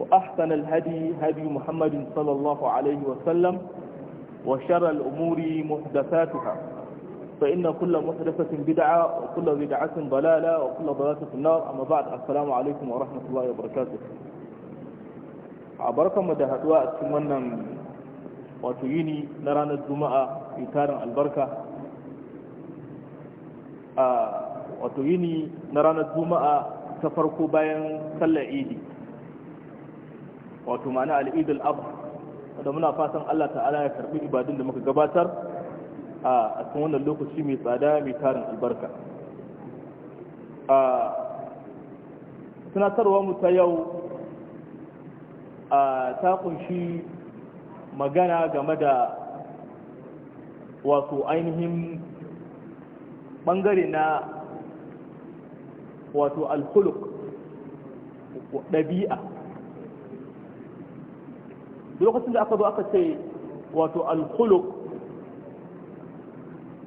وأحسن الهدي هدي محمد صلى الله عليه وسلم وشر الأمور محدثاتها فإن كل محدثة بدعة وكل بدعة ضلالة وكل ضلالة في النار أما بعد السلام عليكم ورحمة الله وبركاته عبركم مدهدواء سمنا وتيني نرانا الجمعة في تارن البركة وتيني نرانا الجمعة تفرقوا بين سلع إيدي wato mana al'idul ab da muna fasan Allah ta'ala ya karɓi ibadun da muka gabatar a cikin wannan lokaci mai tsada mai tarin albarka a tunatarwa mu ta yau a ta kunshi magana game da wato ainihin bangare na wato alkuluk ɗabi'a lokacin da aka zo aka ce wato alkhuluq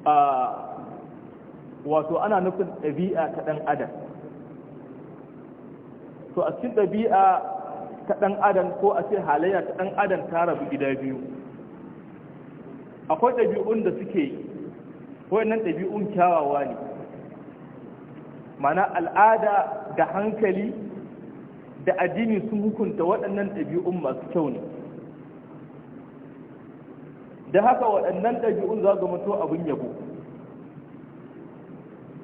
a wato ana nufin ɗabi'a ta ɗan adam to a cikin ɗabi'a ta ɗan adam ko a ce halayya ta ɗan adam ta rabu gida biyu akwai ɗabi'un da suke wayannan ɗabi'un kyawawa ne mana al'ada da hankali da addini sun hukunta waɗannan ɗabi'un masu kyau ne da haka waɗannan ɗabi'un za ga mutu abin yabo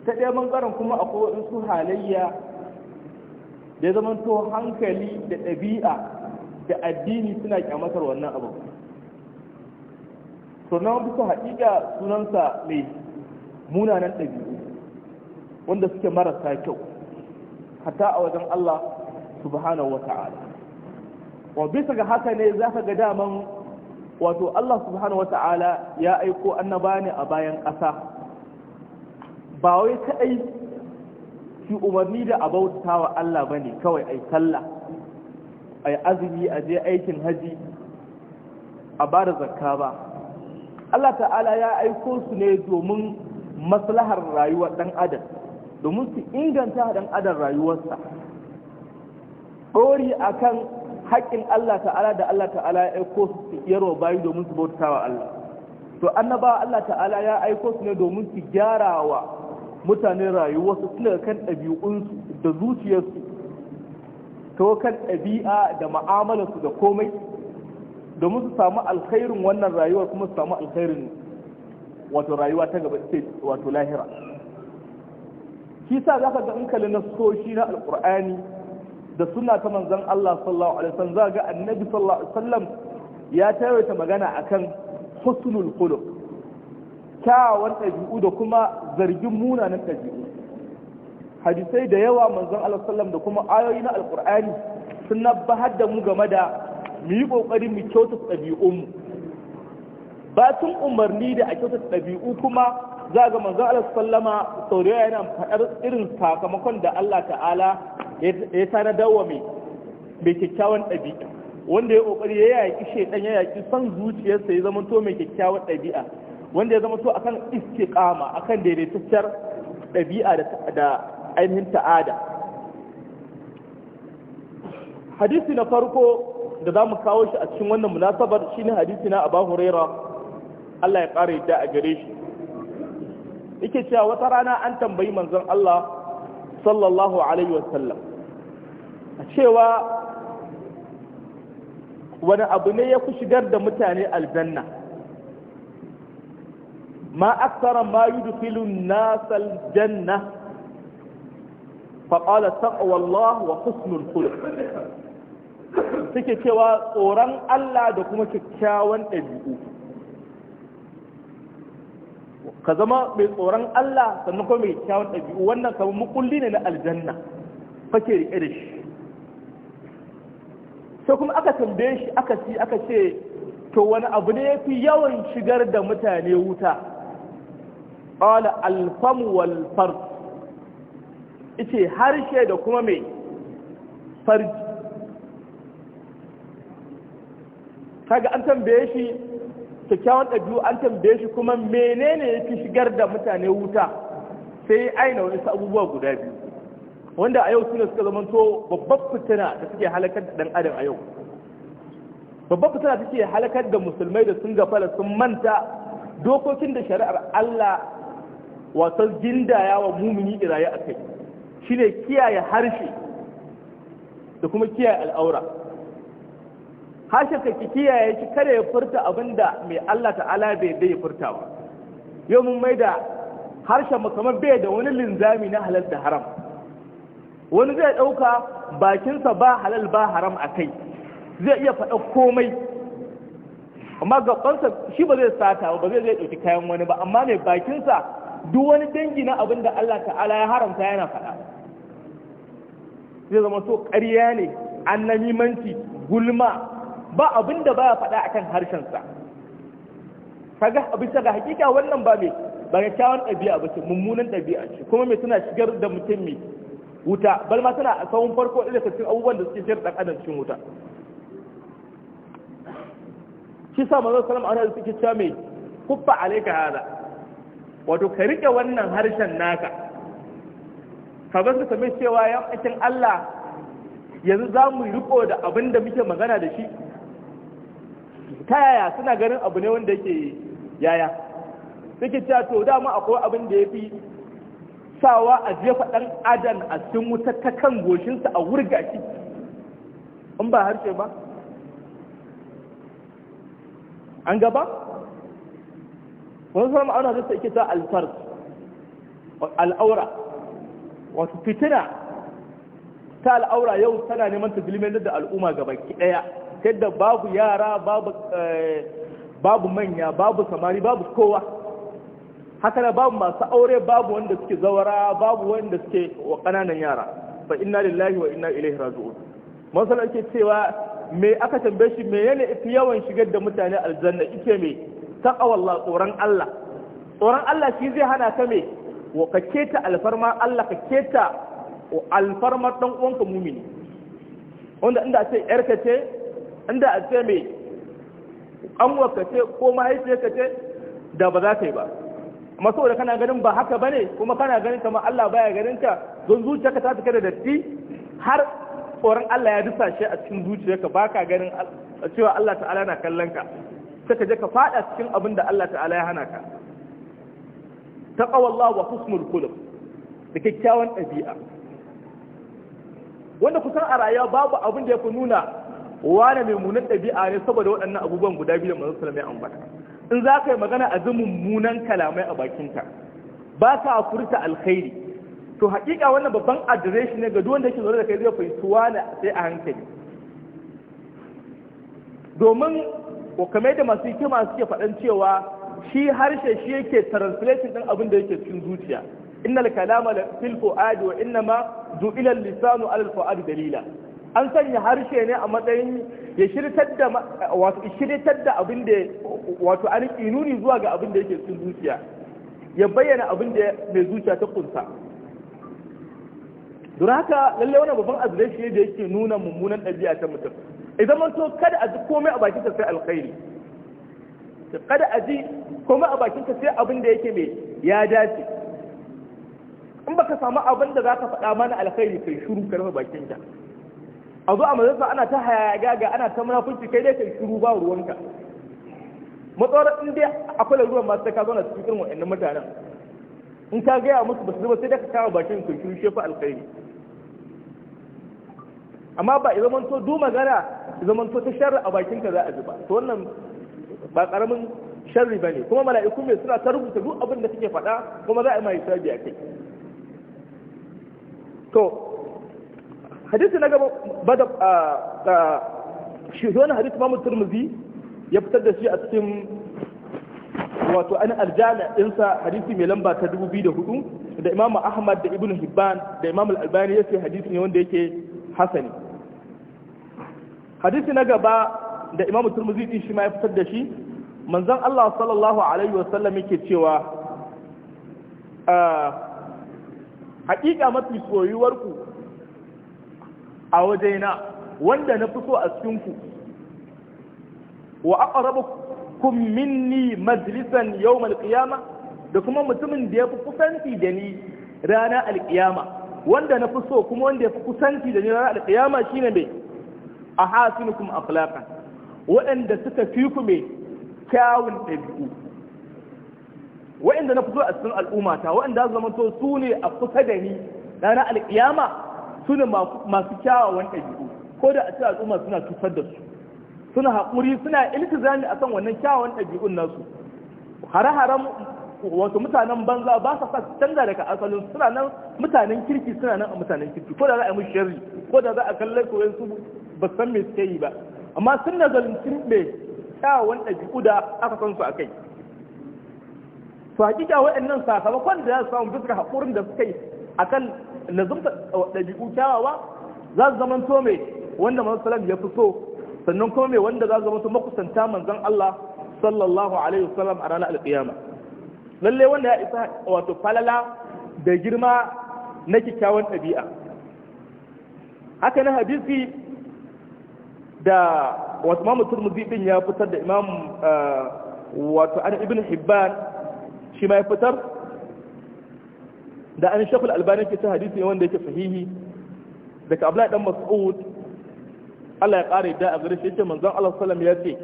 ta ɗaya ɓangaren kuma akwai waɗansu halayya da ya zama to hankali da ɗabi'a da addini suna kyamatar wannan abu to na bisa haƙiƙa sunansa mai munanan ɗabi'u wanda suke marasa kyau hatta a wajen Allah subhanahu wa ta'ala wa bisa ga haka ne za ka ga daman wato Allah subhanahu wata'ala ya aiko annaba ne a bayan ƙasa ba wai kaɗai shi umarni da abautawa Allah ba ne kawai ai sallah ai azumi a je aikin haji a ba da zakka ba Allah ta'ala ya aiko su ne domin maslahar rayuwar ɗan adam domin su inganta ɗan adam rayuwarsa ɗori akan haƙƙin Allah ta'ala da Allah ta'ala ya aiko su yaro bayi domin su bauta wa Allah to annaba Allah ta'ala ya aiko su ne domin su gyara wa mutane su suna kan ɗabi'unsu da zuciyarsu to kan ɗabi'a da ma'amalarsu da komai domin su samu alkhairin wannan rayuwar kuma su samu alkhairin wato rayuwa ta gaba ce wato lahira shi sa za ka ga in kalli na soshi na da suna ta manzan Allah sallallahu alaihi wasallam za ga annabi sallallahu alaihi wasallam ya tayaita magana akan husnul khuluq kyawawan ɗabi'u da kuma zargin munanan ɗabi'u hadisai da yawa manzon Allah sallam da kuma ayoyi na Alƙur'ani sun nabbahar da mu game da mu yi kokari mu kyautata ɗabi'unmu ba sun umarni da a kyautata ɗabi'u kuma za ga manzon Allah sallama sauraya yana faɗar irin sakamakon da Allah ta'ala ya na dawa mai mai kyakkyawan ɗabi'a wanda ya ƙoƙari ya yaƙi shaidan ya yaƙi son zuciyarsa ya zama to mai kyakkyawan ɗabi'a wanda ya zama to akan iske ƙama akan daidaitacciyar ɗabi'a da ainihin ta'ada hadisi na farko da za mu kawo shi a cikin wannan munasabar ne hadisi na Abu huraira Allah ya ƙara yadda a gare shi yake cewa wata rana an tambayi manzon Allah sallallahu alaihi wasallam cewa wani abu ne ya ku shigar da mutane aljanna ma aksara ma yi an nasa aljanna janna fa Allah wa husnul kula, suke cewa tsoron Allah da kuma kyakkyawan ɗabi'u ka zama mai tsoron Allah sannan kuma mai kyakkyawan ɗabi'u wannan kamar mukulli ne na aljanna fake rike da shi sai kuma aka tambaye shi aka ci aka ce to wani abu ne yafi yawan shigar da mutane wuta qala alfam wal farj ice harshe da kuma mai farji kaga an tambaye shi kyakkyawan ɗabi'u an tambaye shi kuma menene yafi shigar da mutane wuta sai aina wani abubuwa guda biyu wanda a yau ne suka to babbar fitina da suke halakar da dan adam a yau babbar fitina da suke halakar da musulmai da sun gafala sun manta dokokin da shari'ar Allah wato gindaya wa mumini iraye a kai shine kiyaye harshe da kuma kiyaye al'aura harshen ka kiyaye ki kada ya furta abinda mai Allah ta'ala bai dai furta ba yau mun maida harshen mu kamar bai da wani linzami na halal da haram wani zai ɗauka bakinsa ba halal ba haram a zai iya faɗa komai amma gabansa shi ba zai sata ba zai zai ɗauki kayan wani ba amma mai bakinsa duk wani dangi na abin da Allah ta'ala ya haramta yana faɗa zai zama so ƙarya ne an manci, gulma ba abin da baya faɗa akan harshensa kaga abisa ga hakika wannan ba mai ba ɗabi'a ba ce mummunan ɗabi'a ce kuma mai tana shigar da mutum mai wuta bal ma tana a tsawon farko da daga cikin abubuwan da suke shirya ɗan cikin wuta shi sa mazan salam a wani suke cewa mai kuffa alaika hada wato ka riƙe wannan harshen naka ka bar ka mai cewa ya cikin Allah yanzu za mu riƙo da abin da muke magana da shi ta yaya suna ganin abu ne wanda yake yaya suke cewa to dama akwai abin da ya fi sawa a jefa ɗan adam a cikin wuta ta kan goshinsa a wurga shi in ba harshe ba an gaba wani sama ana zai ake ta alfar al'aura Wasu fitina ta al'aura yau tana neman ta zilimin da al'umma gaba ki ɗaya yadda babu yara eh, babu manya babu samari babu kowa haka da babu masu aure babu wanda suke zawara babu wanda suke wa ƙananan yara fa inna lillahi wa inna ilaihi raji'un cewa me aka tambaye shi me yana ifi yawan shigar da mutane aljanna ike me taqawallah tsoron Allah tsoron Allah shi zai hana ka me wa ka keta alfarma Allah ka keta alfarma dan uwanka mumini wanda inda ce yarka ce inda ce me an wakace ko mahaifiyarka ce da ba za ka yi ba amma saboda kana ganin ba haka bane kuma kana ganin kamar Allah baya ganin ka don zuciyarka ta fita da datti har tsoron Allah ya dusa shi a cikin zuciyarka baka ganin cewa Allah ta'ala na kallon ka saka ka je ka fada cikin abin da Allah ta'ala ya hana ka taqawallahu wa husnul khuluq da kyakkyawan ɗabi'a wanda kusan a rayuwa babu abin da ya nuna wane mai munin ɗabi'a ne saboda waɗannan abubuwan guda biyu da manzon sallallahu alaihi ambata in za ka yi magana a ji mummunan kalamai a bakinka ba ka furta alkhairi to hakika wannan babban adireshi ne ga duwanda yake zaune da kai zai fahimci wani sai a hankali domin kamar da masu hikima suke faɗan cewa shi harshe shi yake translation din abin da yake cikin zuciya innal kalama la fil fuadi wa innama du'ila lisanu ala al fuadi dalila an sanya harshe ne a matsayin ya shirtar da wato shirtar da abin da wato an inuni zuwa ga abin da yake cikin zuciya ya bayyana abin da mai zuciya ta kunsa don haka lalle wannan babban azure shi da yake nuna mummunan ɗabi'a ta mutum idan man so kada a ji komai a bakin ka sai alkhairi kada a ji komai a bakin ka sai abin da yake mai ya dace in baka samu abin da zaka faɗa mana alkhairi kai shiru ka bakin ka a zo a majalisa ana ta hayaga ga ana ta munafunci kai dai kai shiru ba ruwanka matsawar in dai akwai ruwan masu taka ka zauna cikin irin wa'annan mutanen in ka gaya musu ba su zuba sai da ka kama bakin kai shiru shefa alkhairi amma ba ya zamanto du magana ya zamanto ta sharri a bakinka za a ji ba to wannan ba karamin sharri ba ne kuma mala'iku mai suna ta rubuta duk abin da suke faɗa kuma za a yi ma hisabi a kai to hadisi na gaba bada shi wani hadisi mamu turmuzi ya fitar da shi a cikin wato an aljami ɗinsa hadisi mai lamba ta 2004 da imamu ahmad da ibn hibban da imamu albani ya ce hadisi ne wanda yake hasani hadisi na gaba da imamu turmuzi din shi ma ya fitar da shi manzon Allah sallallahu alaihi wasallam yake cewa a hakika mafi soyuwarku a wajena wanda na fi so a cikinku wa aqrabukum minni majlisan yawm alqiyama da kuma mutumin da yafi kusanci da ni rana alqiyama wanda na fi so kuma wanda yafi kusanci da ni rana alqiyama shine me hasinukum akhlaqan waɗanda suka fi ku me kyawun ɗabi'u waɗanda na fi so a cikin al'ummata waɗanda za su zama to su ne a kusa da ni rana alqiyama su ne masu kyawawan ɗabi'u ko da a ce al'umma suna cutar da su suna haƙuri suna iltizami a kan wannan kyawawan ɗabi'un nasu hare-haren wato mutanen banza ba sa sa canza daga asalin suna nan mutanen kirki suna nan a mutanen kirki ko da za a yi musu sharri ko da za a kalle ko su ba san me suke yi ba amma sun na zalunci me kyawawan ɗabi'u da aka san su a kai to hakika waɗannan sakamakon da za su samu bisa haƙurin da suka yi akan lazumta ɗabi'u kyawawa za su zama to mai wanda manzon ya fi so sannan kuma mai wanda za su zama to makusanta manzon Allah sallallahu alaihi wasallam a ranar alƙiyama lalle wanda ya isa wato falala da girma na kyakkyawan ɗabi'a haka na hadisi da wasu mamu turmuzi ya fitar da imam eh, wato an ibn hibban shi ya fitar da an shekul albani ke ta hadisi ne wanda yake sahihi daga abdullahi dan mas'ud Allah ya ƙara da a gare shi yace manzon Allah sallallahu ya ce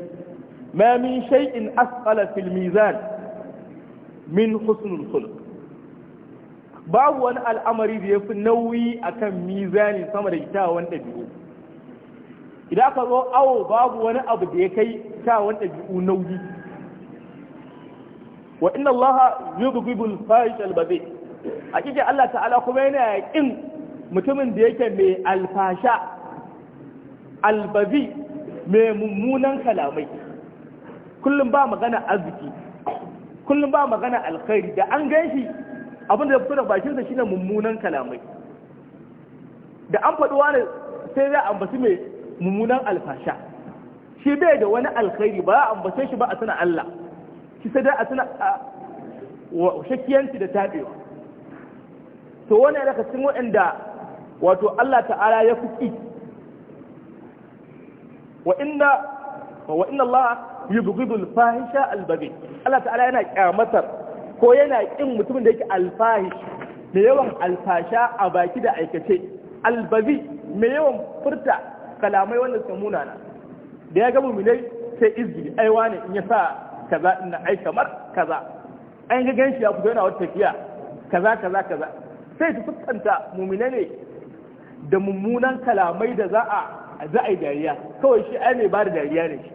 ma min shay'in asqala fil mizan min husnul khuluq babu wani al'amari da yafi nauyi akan mizani sama da kyawawan ɗabi'u idan aka zo awo babu wani abu da ya kai kyawawan ɗabi'u nauyi wa inna allaha yudhibul fahish al-bazi hakika Allah ta'ala kuma yana yaƙin mutumin da yake mai alfasha albabi mai mummunan kalamai kullum ba magana arziki kullum ba magana alkhairi da an ganshi abinda da fito da bakinsa shine mummunan kalamai da an faɗi wani sai za a ambaci mai mummunan alfasha shi bai da wani alkhairi ba a ambace shi ba a tuna Allah shi sai dai a tuna shakiyanci da taɓewa to wani daga cikin waɗanda wato Allah ta'ala ya kuki wa inna wa inna Allah yubghidul fahisha albabi. Allah ta'ala yana kyamatar ko yana ƙin mutumin da yake alfahish mai yawan alfasha a baki da aikace albabi. mai yawan furta kalamai wannan suka munana da ya ga mu'minai sai izbi ai wane in ya sa kaza ina, ai kamar kaza an ga ganshi ya fito yana wata tafiya kaza kaza kaza sai su fuskanta mummuna ne da mummunan kalamai da za a za a yi dariya kawai shi ai mai ba da dariya ne shi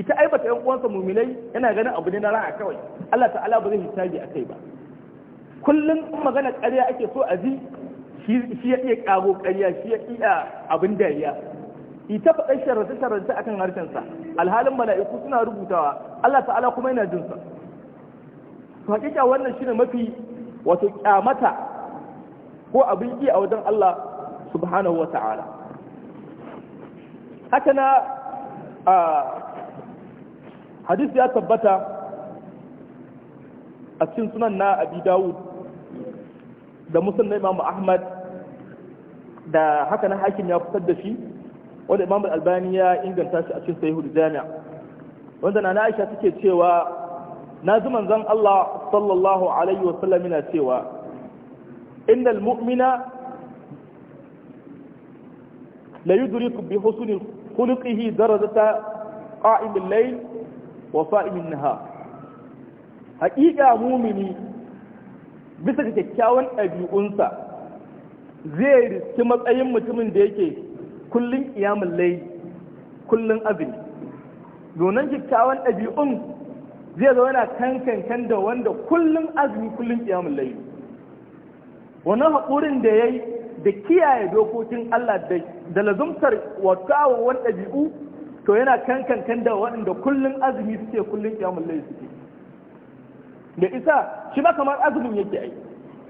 ita ai bata yan uwansa mummunai yana ganin abu ne na ra'a kawai Allah ta'ala ba zai hisabi akai ba kullum magana ƙarya ake so a ji shi ya iya ƙago ƙarya shi ya iya abin dariya ita faɗa shararta shararta akan sa alhalin mala'iku suna rubutawa Allah ta'ala kuma yana sa to hakika wannan shine mafi wato kyamata ko abin ki a wajen Allah subhanahu wata'ala haka na hadis ya tabbata a cikin sunan na abi dawud da musul na imamu ahmad da haka na hakim ya fitar da shi wanda imamu albani ya inganta shi a cikin hudu jami'a wanda na aisha suke cewa na ji manzon Allah sallallahu alaihi wasallam yana cewa innal mu'mina la yudriku bi husni khuluqihi darajata qa'im al-layl wa sa'im an-nahar mu'mini bisa ga kyakkyawan ɗabi'unsa zai riski matsayin mutumin da yake kullum qiyamul layl kullun azumi donan kyakkyawan ɗabi'un zai zo yana kankan da wanda kullum azumi kullum kiyamun layi wannan haƙurin da ya yi da kiyaye dokokin Allah da lazumtar wata wani ɗabi'u to yana kankankan da waɗanda kullum azumi suke kullum kiyamun layi suke da isa shi ba kamar azumin yake ai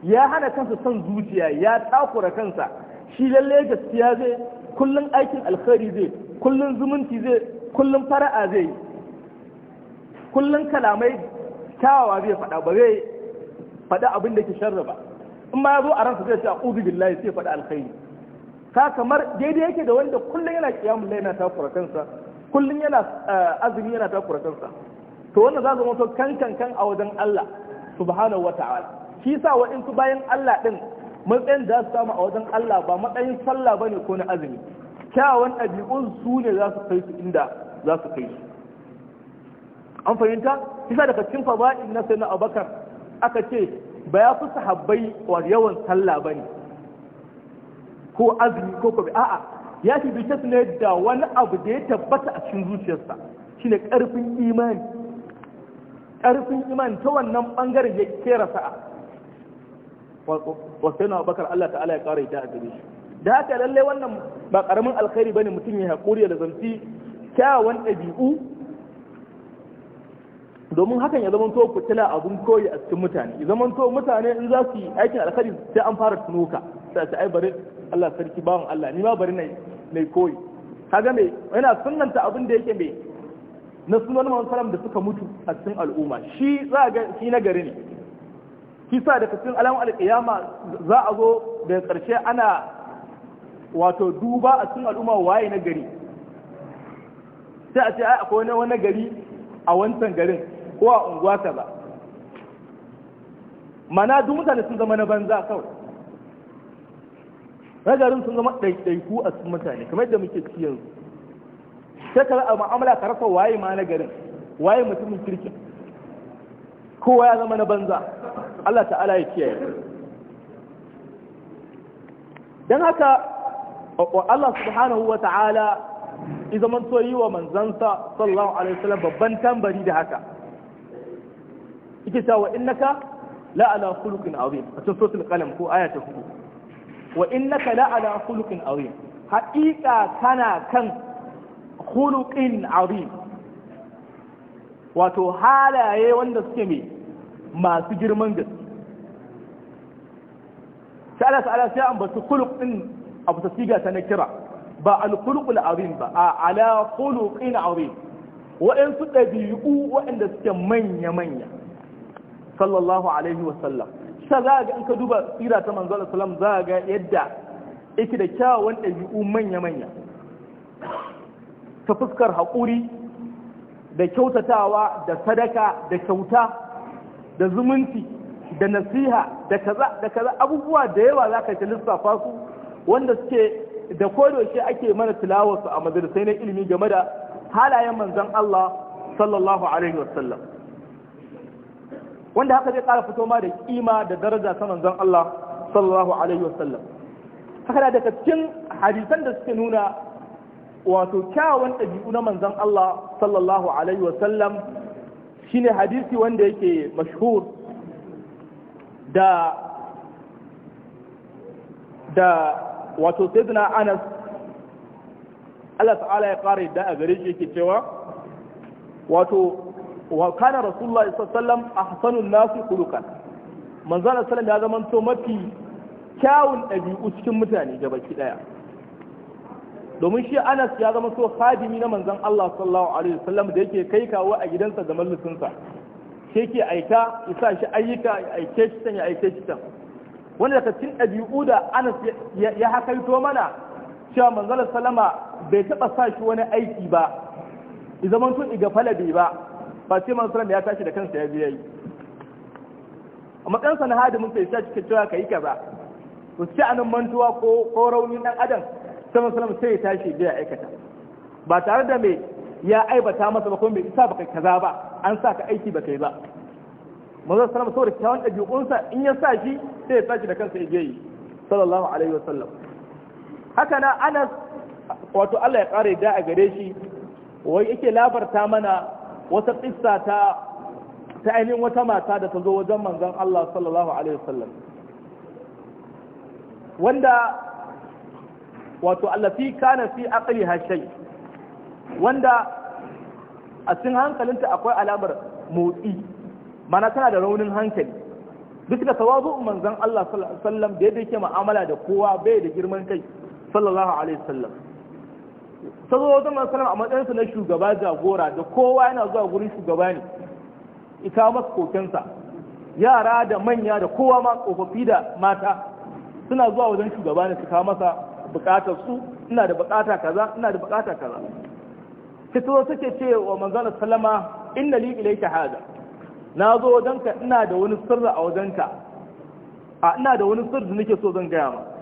ya hana kansa son zuciya ya takura kansa shi lalle gaskiya zai kullum aikin alkhairi zai kullum zumunci zai kullum fara'a zai kullum kalamai kyawawa zai faɗa ba zai faɗa abin da ke sharra ba in ma ya zo a ransa zai ce ƙudu billahi sai faɗa alkhairi ka kamar daidai yake da wanda kullum yana kiyamun laina takura kansa kullum yana eh, azumi yana takura kansa to wannan za zama kan kan kan a wajen Allah subhanahu ta'ala shi sa waɗansu bayan Allah ɗin, matsayin da su samu a wajen Allah ba matsayin sallah bane ko na azumi kyawawan ɗabi'un su ne za su kai su inda za su kai su an fahimta kisa daga cikin fada'il na sayyidina abubakar aka ce ba ya fi sahabbai wa yawan sallah bane ko azumi ko ko a'a ya fi bice da wani abu da ya tabbata a cikin zuciyarsa shine karfin imani karfin imani ta wannan bangaren ya kera sa'a wa sayyidina abubakar Allah ta'ala ya ƙara ita a gare shi da haka lalle wannan ba karamin alkhairi bane mutum ya haƙuri da zanti kyawawan ɗabi'u domin hakan ya ku fitila abun koyi a cikin mutane ya to mutane in za su yi aikin alkhari sai an fara tunuka sai sai ai bari Allah sarki bawon Allah ni ma bari nai mai koyi kaga me yana sunnanta abun da yake me na sunan Muhammad sallam da suka mutu a cikin al'umma shi za ga shi na gari ne kisa da cikin alamun alƙiyama za a zo da ƙarshe ana wato duba a cikin al'umma waye na gari sai a ce ai akwai wani gari a wancan garin ko a unguwa kaza mana duk mutane sun zama na banza kawai nagarin sun zama ɗaiɗaiku a cikin mutane kamar yadda muke ci yanzu sai ka a mu'amala ka rasa waye ma nagarin waye mutumin kirkin kowa ya zama na banza Allah ta'ala ya kiyaye don haka Allah subhanahu wa ta'ala izaman so yi wa manzansa sallallahu alaihi wasallam babban tambari da haka yake cewa wa innaka la ala khuluqin azim a cikin suratul qalam ko aya ta hudu wa innaka la ala khuluqin azim haqiqa kana kan khuluqin azim wato halaye wanda suke mai masu girman gaske sai Allah ta'ala sai ambaci khuluq din abu ta siga ta na kira ba al-khuluqul azim ba a ala khuluqin azim wa'ansu ɗabi'u waɗanda suke manya-manya sallallahu alaihi wasallam sa za ga in ka duba tsira ta manzo Allah sallam za ga yadda yake da kyawawan ɗabi'u manya manya ta fuskar haƙuri da kyautatawa da sadaka da kyauta da zumunci da nasiha da kaza da kaza abubuwa da yawa za ka ta lissafa su wanda suke da shi ake mana tilawarsu a majalisai na ilimi game da halayen manzon Allah sallallahu alaihi wasallam wanda haka zai ƙara fito ma da kima da daraja ta manzon Allah sallallahu alaihi wasallam haka da daga cikin hadisan da suke nuna wato kyawun ɗabi'u na manzon Allah sallallahu alaihi wasallam shine hadisi wanda yake mashhur da da wato sayyidina Anas Allah ta'ala ya ƙara yadda a gare shi yake cewa wato wa kana rasulullahi sallallahu alaihi wasallam ahsanun nasi khuluqan manzo Allah sallallahu ya zaman to mafi kyawun ɗabi'u cikin mutane ga baki daya domin shi Anas ya zama so khadimi na manzon Allah sallallahu alaihi wasallam da yake kai kawo a gidansa da mallusinsa shi yake aika isa shi ayyuka ya aike shi can ya aike shi tan wanda daga cikin ɗabi'u da Anas ya hakaito mana cewa manzon sallama bai taɓa sa shi wani aiki ba zaman tun iga falabi ba ba sai manzo ya tashi da kansa ya biya yi amma kansa na hadimin sai sai cikin cewa kai kaza to sai anan mantuwa ko raunin dan adam sai manzo sai ya tashi biya aikata ba tare da me ya aibata masa ba ko me isa baka kaza ba an sa ka aiki baka yi ba manzo sallallahu saboda kyawun ɗabi'unsa in ya sa shi sai ya tashi da kansa ya yi sallallahu alaihi wasallam haka na Anas wato Allah ya kare da a gare shi wai yake labarta mana wata ƙissa ta ta ainihin wata mata da ta zo wajen manzan Allah sallallahu alaihi wasallam wanda wato allafi kana fi aqli hashay wanda a cikin hankalinta akwai alamar motsi mana tana da raunin hankali duk da tawazu manzan Allah sallallahu alaihi wasallam da yadda yake mu'amala da kowa bai da girman kai sallallahu alaihi wasallam Ta zo wajen masalam a matsayinsa na shugaba jagora da kowa yana zuwa wurin shugaba ne ita masa kokensa yara da manya da kowa ma tsofaffi da mata suna zuwa wajen shugaba ne su kawo masa bukatar su ina da bukata kaza ina da bukata kaza ta zo take ce wa manzana salama inna li ilayka hada na zo wajenka ina da wani sirri a wajenka a ina da wani sirri nake so zan gaya ma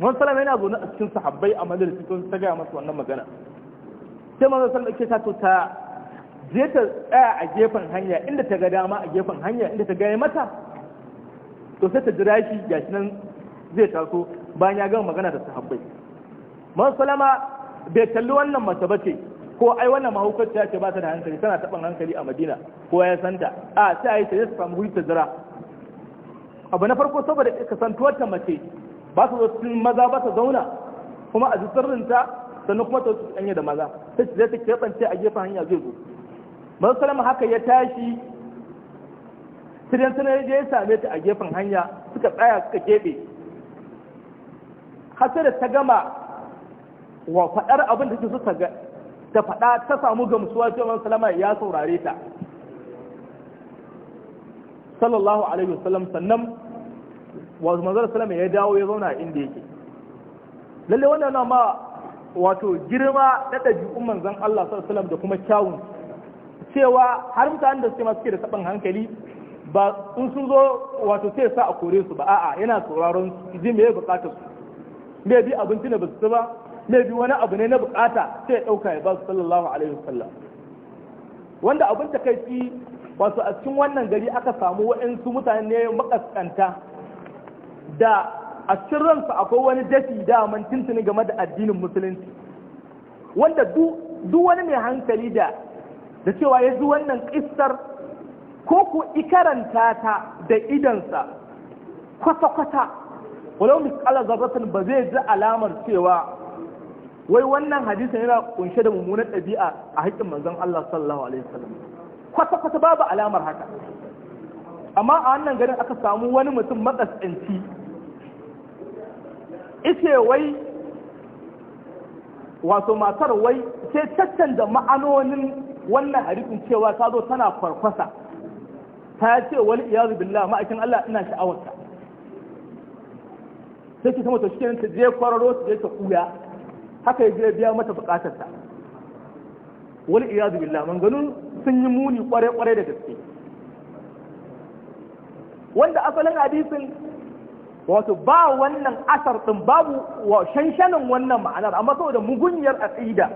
wani salama yana zaune a cikin sahabbai a madarisi sun ta gaya masu wannan magana sai manzo salama ke to ta je ta tsaya a gefen hanya inda ta ga dama a gefen hanya inda ta gaya mata to sai ta jira shi gashi nan zai taso bayan ya gama magana da sahabbai manzo salama bai kalli wannan mace ba ce ko ai wannan ya ce ba ta da hankali tana taɓin hankali a madina ko ya santa a sai a yi ta zai samu hujjar jira abu na farko saboda ka kasantuwar ta mace ba su zai cikin maza ba ta zauna kuma a ji sirrinta sannan kuma ta wuce da maza ta ce zai ta keɓance a gefen hanya zai zo masu salama haka ya tashi tirin sanar ya same ta a gefen hanya suka tsaya suka keɓe hasar da ta gama wa faɗar abin da su so ta ta faɗa ta samu gamsuwa cewa wani salama ya saurare ta sallallahu alaihi wasallam sannan wato Manzara salama ya dawo ya zauna inda yake lalle wannan na ma wato girma na ɗabi'un Zan Allah sallallahu da kuma kyawun cewa har mutanen da suke masu suke da taɓin hankali ba in sun zo wato sai sa a kore su ba a'a yana sauraron su ji me ya bukata su me bi abinci na basu ba me bi wani abu ne na bukata sai ya dauka ya ba su sallallahu alaihi wasallam wanda abin takaici wato a cikin wannan gari aka samu waɗansu mutane makaskanta da a cikin ransa akwai wani dafi daman tuntuni game da addinin musulunci wanda duk wani mai hankali da da cewa ya ji wannan kissar ko ku ikaranta ta da idansa kwata-kwata walau misƙalar zarratan ba zai ji alamar cewa wai wannan hadisin yana kunshe da mummunan ɗabi'a a haƙƙin manzon Allah sallallahu alaihi wasallam kwata-kwata babu alamar haka amma a wannan garin aka samu wani mutum matsatsanci ice wai wato matar wai sai caccanta ma'anonin wannan hadisin cewa ta zo tana farfasa ta ce wani iyazu billah ma'aikin Allah ina sha'awarta sai ki sama to shikenan ta je kwararo ta je ta kuya haka ya je biya mata bukatarta wani iyazu billah manganun sun yi muni kware-kware da gaske wanda asalin hadisin wato ba wannan asar ɗin babu wa shanshanin wannan ma'anar amma saboda mugunyar aqida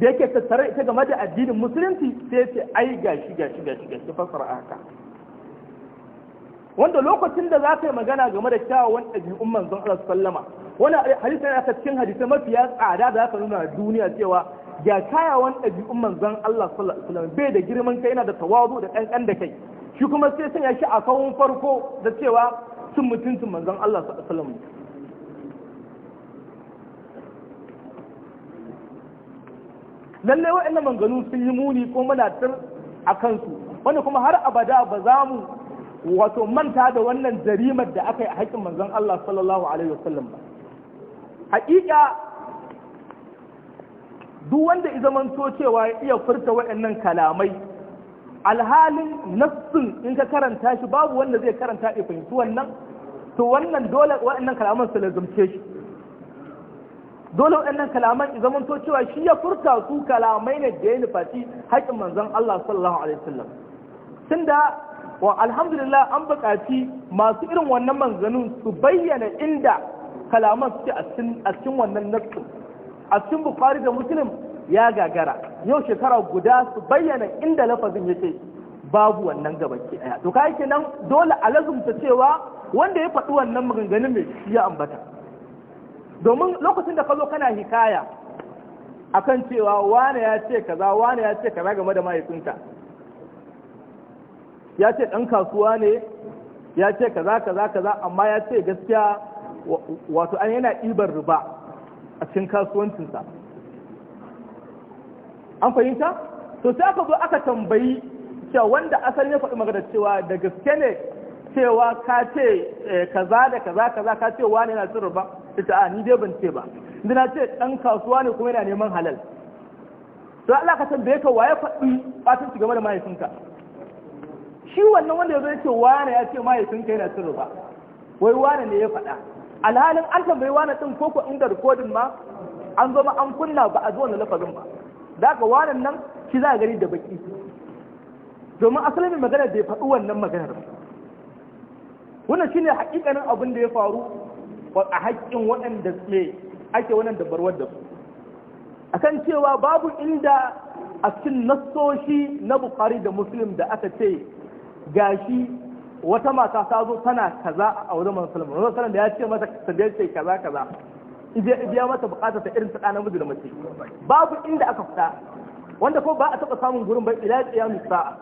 da yake tattare ita game da addinin musulunci sai ce ai gashi gashi gashi gashi fasara haka wanda lokacin da za ka yi magana game da kyawawan ɗabi'un manzon Allah sallama wani hadisi yana ta cikin hadisi mafiya tsada da za ka nuna duniya cewa ga kyawawan ɗabi'un manzon Allah sallama bai da girman kai yana da tawazu da ƙanƙan da kai shi kuma sai sanya shi a kawun farko da cewa cin mutuncin manzon Allah su asalin wasallam lallai waɗannan manganu sun yi muni ko muna tun a kansu wanda kuma har abada ba za mu wato manta da wannan jarimar da aka yi a haƙƙin manzon Allah sallallahu alaihi wasallam ba haƙiƙa duk wanda izamanto cewa ya iya furta waɗannan kalamai alhalin nassun in ka karanta shi babu wanda zai karanta ya fahimci wannan to wannan dole waɗannan kalaman su lazumce shi dole waɗannan kalaman in zaman to cewa shi ya furta su kalamai ne da ya nufaci haƙin manzon Allah sallallahu alaihi wasallam tunda wa alhamdulillah an buƙaci masu irin wannan manzanun su bayyana inda kalaman suke a cikin wannan nassun a cikin Bukhari da Muslim ya gagara yau shekara guda su bayyana inda lafazin yake babu wannan gabaki daya to kai kenan dole a lazumta cewa wanda ya faɗi wannan maganganun mai ya ambata domin lokacin da ka zo kana hikaya akan cewa wane ya ce kaza wane ya ce kaza game da mahaifinta ya ce ɗan kasuwa ne ya ce kaza kaza kaza amma ya ce gaskiya wato an yana ɗibar riba a cikin kasuwancinsa an fahimta to sai aka zo aka tambayi cewa wanda asali ya faɗi magana cewa da gaske ne cewa ka ce eh, kaza da kaza kaza ka ce wani yana cin ba ta a ni dai ban ce ba ni na ce dan kasuwa ne kuma yana neman halal to Allah ka tambaye ka waye faɗi batun game da mahaifinka shi wannan wanda ya zo ce wani ya ce mahaifinka yana cin ba wai wani ne ya faɗa alhalin an tambayi wani din koko inda rikodin ma an zo ma an kunna ba a zo na lafazin ba da ka wanan nan shi za a gani da baki domin asalin magana bai faɗi wannan maganar ba wannan shine hakikanin abin da ya faru a haƙƙin waɗanda me ake wannan dabarwar da su kan cewa babu inda a cikin nassoshi na bukari da muslim da aka ce gashi wata mata ta zo tana kaza a wajen masu sallallahu wajen wasallam da ya ce masa ta ce kaza kaza biya mata bukatar ta irin ta ɗana miji da mace babu inda aka fita wanda ko ba a taɓa samun gurin bai ila ya musa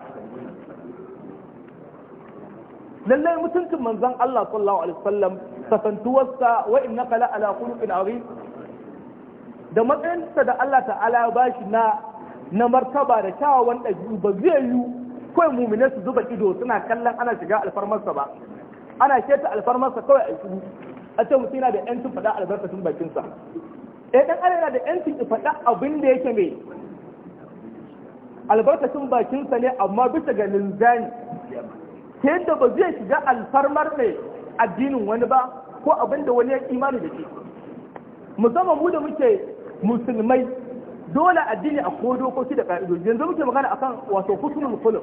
lallai mutuncin manzon Allah sallallahu alaihi wasallam safantuwarsa wa inna la ala khuluqin azim da matsayinsa da Allah ta'ala ya bashi na na martaba da kyawawan ɗabi'u ba zai yi kawai muminai su zuba ido suna kallon ana shiga alfarmarsa ba ana keta alfarmarsa kawai a shiru a ce mutum yana da yancin faɗa albarkacin bakinsa eh ɗan adam yana da yancin faɗa abin da yake mai albarkacin bakinsa ne amma bisa ga linzani ta yadda ba zai shiga alfarmar mai addinin wani ba ko abin da wani ya imani da shi musamman mu da muke musulmai dole addini a ko dokoki da ka'idoji yanzu muke magana akan wato kusurin khuluq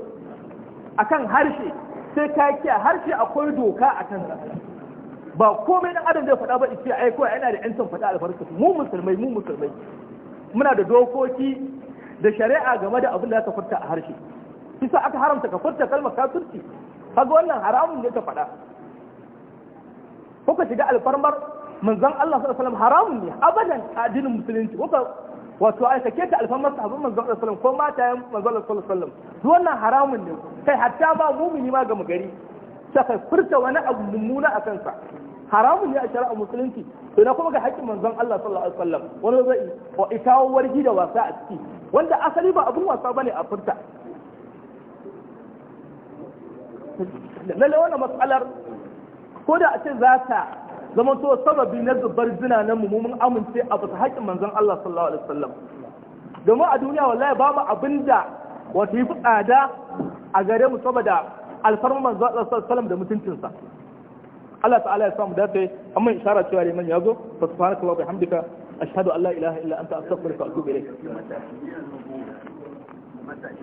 akan harshe sai ka a harshe akwai doka a kansa ba komai dan adam zai faɗa ba ce ai ko yana da yancin faɗa albarkatu mu musulmai mu musulmai muna da dokoki da shari'a game da abin da aka furta a harshe kisa aka haramta ka furta kalmar kafirci kaga wannan haramun ne ta faɗa kuka shiga alfarmar manzon Allah sallallahu alaihi wasallam haramun ne abadan addinin musulunci kuka wato ai sake ta alfarmar sahabban manzon Allah sallallahu alaihi wasallam ko matayen manzon Allah sallallahu alaihi wasallam duk wannan haramun ne kai hatta ba mumini ma ga magari sai furta wani abu mummuna a kansa haramun ne a shari'a musulunci to na kuma ga haƙƙin manzon Allah sallallahu alaihi wasallam wani zai wa kawo wargi da wasa a ciki wanda asali ba abun wasa bane a furta lalle wannan matsalar ko da a ce za ta zama to sababi na zubar zina na mu mun amince a bisa haƙƙin manzon Allah sallallahu alaihi wasallam domin a duniya wallahi babu abin da wato yi tsada a gare mu saboda alfarmar manzon Allah sallallahu alaihi wasallam da mutuncinsa Allah ta'ala ya samu dace amma isharar cewa liman ya zo fa subhanaka wa bihamdika ashhadu an la ilaha illa anta astaghfiruka wa atubu ilayk